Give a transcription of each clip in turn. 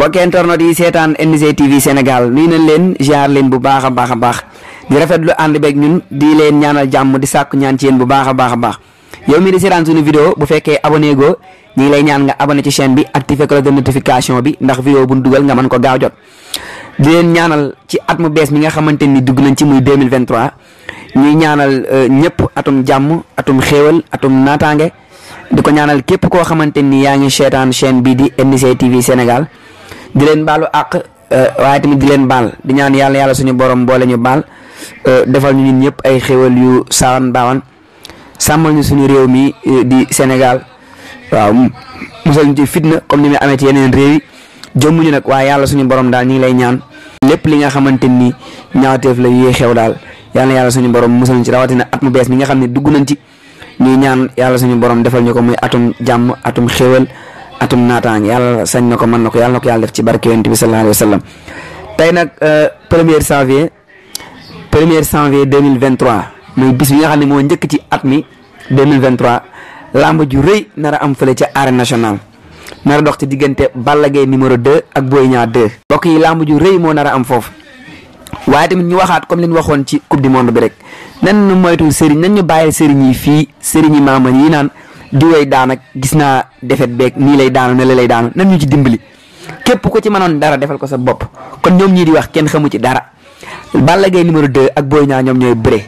mbokki internet yi seetaan NGTV Sénégal nuyu nañ leen ziar leen bu baax a baax a baax di rafetlu ànd beek ñun di leen ñaanal jàmm di sàkku ñaan ci yéen bu baax a baax a baax yow mii di seetaan suñu vidéo bu fekkee abonné go ñu ngi lay ñaan nga abonné ci chaîne bi activé cloche de notification bi ndax vidéo bu ñu dugal nga mën ko gaaw jot di leen ñaanal ci at mu bees mi nga xamante ni dugg nañ ci muy 2023 ñuy ñaanal euh, ñëpp atum jàmm atum xéewal atum naataange di ko ñaanal képp koo xamante ni yaa ngi seetaan chaîne bi di NGTV Sénégal di leen baalu àq eh, waaye tamit di leen baal di ñaan yàlla yàlla suñu borom boole ñu baal eh, defal ñu ñun ñëpp ay xéwal yu saawan baawan sàmmal ñu suñu réew mi eh, di Sénégal waaw musal ñu ci fitna comme ni muy amee ci yeneen réew yi jëmm ñu nag waaye yàlla suñu borom daal ñu ngi lay ñaan lépp li nga xamante ni ñaawteef la yuy xew daal yàlla yàlla suñu borom musal ñu ci rawatina at mu bees mi nga xam ne dugg nañ ci ñuy ñaan yàlla suñu borom defal ñu ko muy atum jàmm atum xéwal atum naataange yàlla sañ na ko mën na ko yàlla na yàlla def ci barke yonent bi sallallahu alayhi wa tey nag euh, première janvier premier janvier 2023 muy bis bi nga xam ne moo njëkk ci at mi 2023 làmb ju rëy nar am fële ci arène nationale nar a dox ci diggante Balla Gaye numéro 2 ak Boy ñaar 2 mbokk yi làmb ju rëy moo nar am foofu waaye tamit ñu waxaat comme li waxoon ci coupe du monde bi rek nan ñu moytu sëriñ nan ñu bàyyi yi fii sëriñ yi maama yi naan di way daan ak gis naa defet beeg nii lay daanu ne la lay daanu nan ñu ci dimbali képp ko ci mënoon dara defal ko sa bopp kon ñoom ñii di wax kenn xamu ci dara Balla Gaye numéro 2 ak Boy Niang ñoom ñooy bëre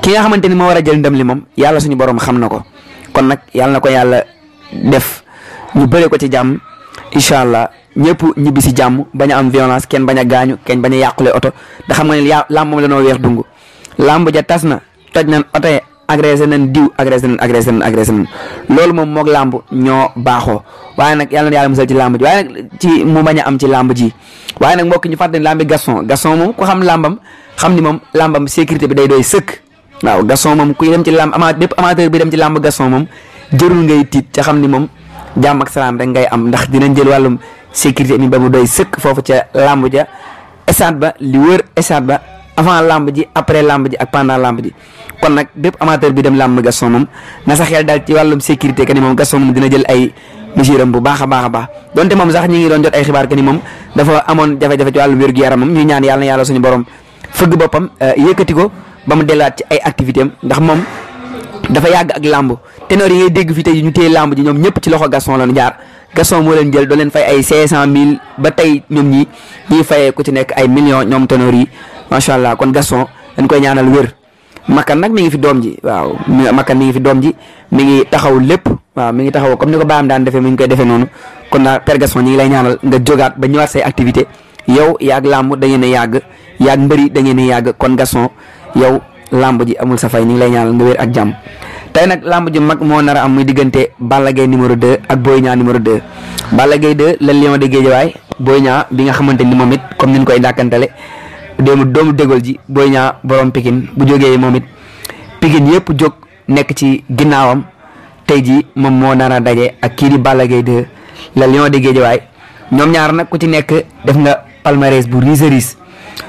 ki nga xamante ni moo war a jël ndam li moom yàlla suñu borom xam na ko kon nag yàlla na ko yàlla def ñu bëre ko ci jàmm incha allah ñëpp ñibbi si jàmm bañ a am violence kenn bañ a gaañu kenn bañ a yàqule oto da xam nga ne yaa làmb moom la noo weex dungu làmb ja tas na agressé nañ diw agressé nañ agressé nañ agressé nañ moom moog làmb ñoo baaxoo waaye nag yàlla na yàlla musal ci làmb ji waaye nag ci mu bañ am ci làmb ji waaye nag mbokk ñu fàttali làmbi Gaston Gaston moom ku xam làmbam xam ni moom lambam sécurité bi day doy sëkk waaw Gaston moom kuy dem ci làmb ama bépp bi dem ci làmb Gaston moom jërul ngay tiit ca xam ni moom jàmm ak salaam rek ngay am ndax dinañ jël wàllum sécurité mi ba mu doy sëkk foofu ca làmb ja stade ba li wër stade ba avant làmb ji après làmb ji ak pendant làmb ji kon nag bépp amateur bi dem làmb Gaston moom na sax xel daal ci wàllum sécurité que moom Gaston moom dina jël ay mesure am bu baax a baax a baax moom sax ñi ngi doon jot ay xibaar que moom dafa amoon jafe-jafe ci wér-gu-yaramam ñuy ñaan yàlla na yàlla suñu borom fëgg boppam euh, yëkkati ko ba mu delluwaat ci ay activité am ndax moom dafa yàgg ak làmb ténor yi ngay dégg fi tey ñu téye làmb ji ñoom ñëpp ci loxo Gaston nu jaar Gaston moo leen jël doo leen fay ay cinq cent mille ba tey ñoom ñi ñuy fayee ku ci nekk ay millions ñoom ténor yi macha allah kon Gaston dañ koy ñaanal wér makkan nag mi ngi fi doom ji waaw makkan mi ngi fi doom ji mi ngi taxaw lépp waaw mi ngi taxaw comme ni ko baam daan defee mi ngi koy defee noonu kon daal Père Gaston ñi ngi lay ñaanal nga jógaat ba ñëwaat say activité yow yaag làmb da ngeen a yàgg yaag mbëri da ngeen a yàgg kon Gaston yow làmb ji amul sa fay ñi ngi lay ñaanal nga wér ak jàmm tey nag làmb ji mag moo nar am muy diggante Balla Gaye numéro 2 ak Boy Niang numéro 2 Balla Gaye 2 le lion de Guédiawaye Boy Niang bi nga xamante ni moom it comme ni ñu koy dàkkantale déemu doomu dégol ji booy Niang borom Pikine bu jogee moom it Pikine yëpp jog nekk ci ginnaawam tey jii moom moo nar a daje ak kii di Balla gay 2 la lion de Guédiawaye ñoom ñaar nag ku ci nekk def nga palmarès bu riis a riis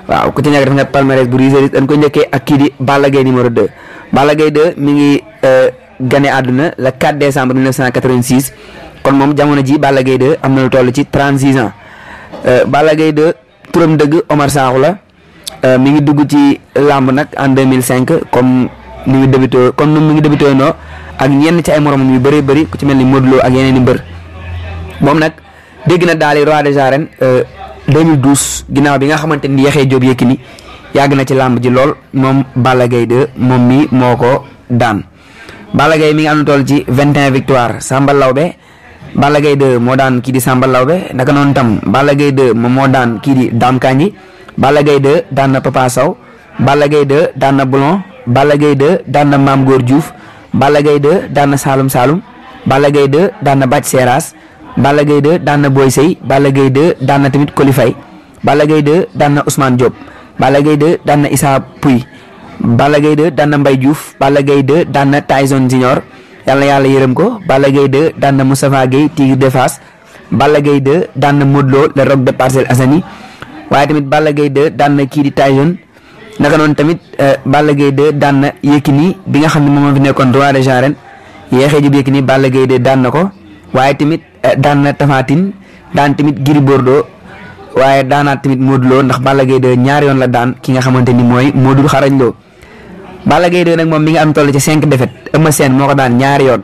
waaw ku ci nekk def nga palmarès bu riis riis dañ ko njëkkee ak kii di Balla Gaye numéro 2 Balla Gaye 2 mi ngi euh, gane àdduna le 4 décembre 1986 kon moom jamono ji bala gay 2 am na lu toll ci 36 ans euh, Balla Gaye 2 turam dëgg Omar Sakho la Euh, mi ngi dugg ci làmb nag en 2005 comme ni mu débuté comme mi ngi débuté noo ak ñenn ci ay moromam yu bëree bëri ku ci mel ni Modou Lo ak yeneen i mbër moom nag dégg na daal roi des arènes 2012 euh, ginnaaw bi nga xamante ni Yaxya Jóob Yékini yàgg na ci làmb ji lool moom Balla Gaye moom mi moo ko daan Balla Gaye mi ngi am na toll ci 21 victoire Samba Lawbe Balla Gaye 2 moo daan kii di Samba Lawbe naka noonu tam Balla Gaye moom moo daan kii di Dame Kandji Balla Gaye 2 daan na Papa Sow Balla Gaye 2 daan na Boulon Balla Gaye 2 Maam Góor Diouf Balla Gaye 2 daan na Saalum Saalum Balla Gaye 2 daan na Bac Seras Balla Gaye 2 daan na Sey Balla Gaye 2 tamit Kolifay Balla Gaye 2 usmaan na bala Diop Balla Gaye 2 bala na Issa Pouy Balla Gaye 2 daan na Mbaye Diouf Balla Gaye Junior yàlla yàlla yërëm ko Balla Gaye 2 daan na Moustapha Gueye Tigre de Fass Balla Gaye 2 daan na Modou Lo le Roc de Parcelles Assainies waaye tamit Balla Gaye 2 daan na kii di Tyson naka noonu tamit euh, Balla Gaye 2 daan na Yékini bi nga xam ne moom fi nekkoon roi des arènes yeexee jub Yékini Balla Gaye 2 daan na ko waaye tamit euh, daan na Tapha daan tamit Gris Bordeaux waaye daanaat tamit Modou Lo ndax bala Gaye ñaari yoon la daan ki nga xamante ni mooy Modou xarañ Lo Balla Gaye 2 nag moom mi nga am toll ci cinq défaites Eumeu Sène moo ko daan ñaari yoon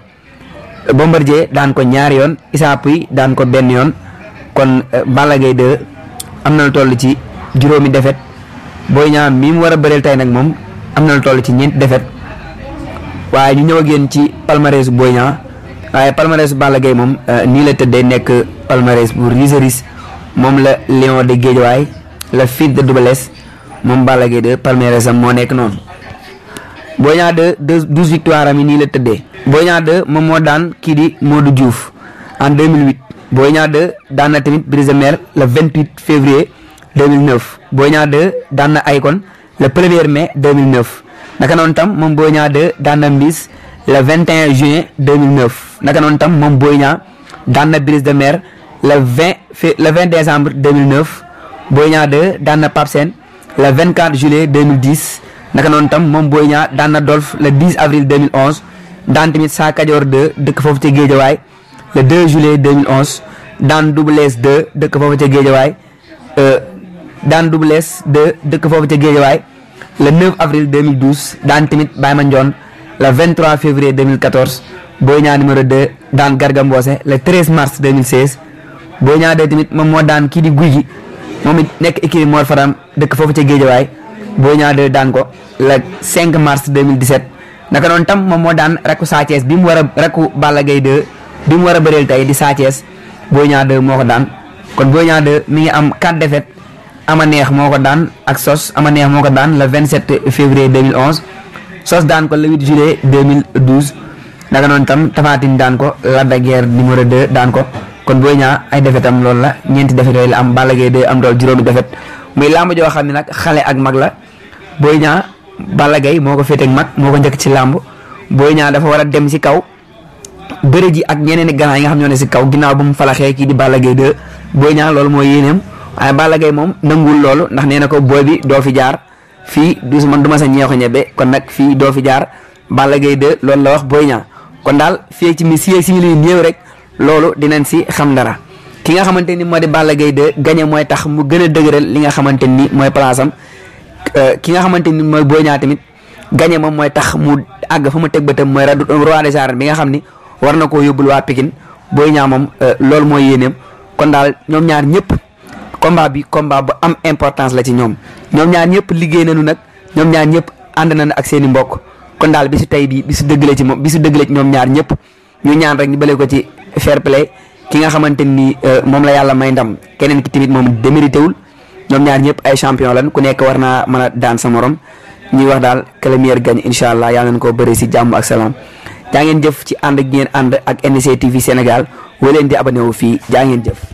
Bombardier daan ko ñaari yoon Issa Pouye daan ko benn yoon kon euh, bala Gaye am na lu toll ci juróomi defet Boy Niang mi mu war a bëreel tey nag moom am na lu toll ci ñeenti defet waaye ñu ñëw ak yéen ci palmarèsu Boy Niang waaye palmarèsu Balla Gaye moom euh, nii la tëddee nekk palmarès bu riseris moom la Lion de Guédiawaye la Fils de Double moom Balla Gaye de palmarès am moo nekk noonu Boy Niang 2 douze victoire am yi nii la tëddee Boy Niang moom moo daan kii di Modou Diouf en 2008 booy Niang 2 daan na tamit Brise de Mer le 28 février 2009 Boy Niang 2 daan na Akon le 1er mai 2009 naka noon tam moom booy Niang 2 daan na Mbis le 21 juin 2009 naka noonu tam moom booy ñaa daan na Brise de Mer le 20 fe le vingt décembre 2009 Boy Niang 2 daan na Pape Sène le 24 juillet 2010 naka noon tam moom Boy ñaa daan na Dolf le 10 avril 2011 daan tamit Sa Kajoor 2 dëkk foofu ci Géejawaay le 2 juillet 2011 daan Double Less 2 dëkk foofu ca Géejawaay euh, daan Double Less 2 dëkk foofu ca Géejawaay le 9 avril 2012 daan tamit Baye Mandione le 23 février 2014 Boy Niang numéro 2 daan Garga Mbossé le 13 mars 2016 Boy Niang 2 tamit moom moo daan kii di Gouye Gui moom it nekk écurie Mor Fadam dëkk foofu ca Géejawaay Boy Niang 2 daan ko le 5 mars 2017 naka noonu tam moom moo daan rakku Sa Thiès bi mu war a rakku Balla bi mu war a bëreel tey di Sa Thiès Boy Niang 2 moo ko daan kon Boy Niang 2 mi ngi am 4 défaites ama neex moo ko daan ak sos ama neex moo ko daan le 27 février 2011 sos daan ko le 8 juillet 2012 naka noonu tam Tafatine daan ko Lac de Guiers numéro daan ko kon Boy Niang ay defetam am loolu la ñeenti défaites yooyu la am Balla Gaye am dool juróomi defet muy làmb joo xam ne nag xale ak mag la Boy Niang Balla Gaye moo ko féete mag moo ko njëkk ci làmb Boy Niang dafa war a dem ci kaw. bëre ji ak ñeneen i ganaar yi nga xam ñoo ne si kaw ginnaaw bu mu falaxee kii di Balla Gaye 2 Boy Niang loolu mooy yéeneem waaye Balla gay moom nanguwul loolu ndax nee na ko booy bi doo fi jaar fii du man du ma sa ñeexu ñebe kon nag fii doo fi jaar Balla Gaye 2 loolu la wax Boy Niang kon daal fii ci mi si simili néew rek loolu dinañ si xam dara ki nga xamante ni moo di Balla Gaye 2 gagné mooy tax mu gën a li nga xamante ni mooy place am euh, ki nga xamante ni mooy Boy Niang tamit gagné moom mooy tax mu àgg fa mu teg bëtam mooy roi des arènes bi nga xam ni war na koo yóbbul waa Pikine booy Niang moom euh, loolu mooy yéeneem kon daal ñoom ñaar ñëpp combat bi combat bu am importance la ci ñoom ñoom ñaar ñëpp liggéey nañu nag ñoom ñaar ñëpp ànd nañu ak seen mbokk kon daal bi su tey bi bi su dëggale ci moom bi su dëggale ci ñoom ñaar ñëpp ñu ñaan rek ñu bale ko ci fair play ki nga xamante ni euh, moom la yàlla may ndam keneen ki tamit moom démérité wul ñoom ñaar ñëpp ay champion lan ku nekk war naa mën a daan sa morom ñuy wax daal que le meilleur gagne incha allah yàlla nañu ko bëri si jàmm ak salaam jaa ngeen jëf ci ànd ak ngeen ànd ak NDC TV Sénégal woo leen di abonné wu fii jaa ngeen jëf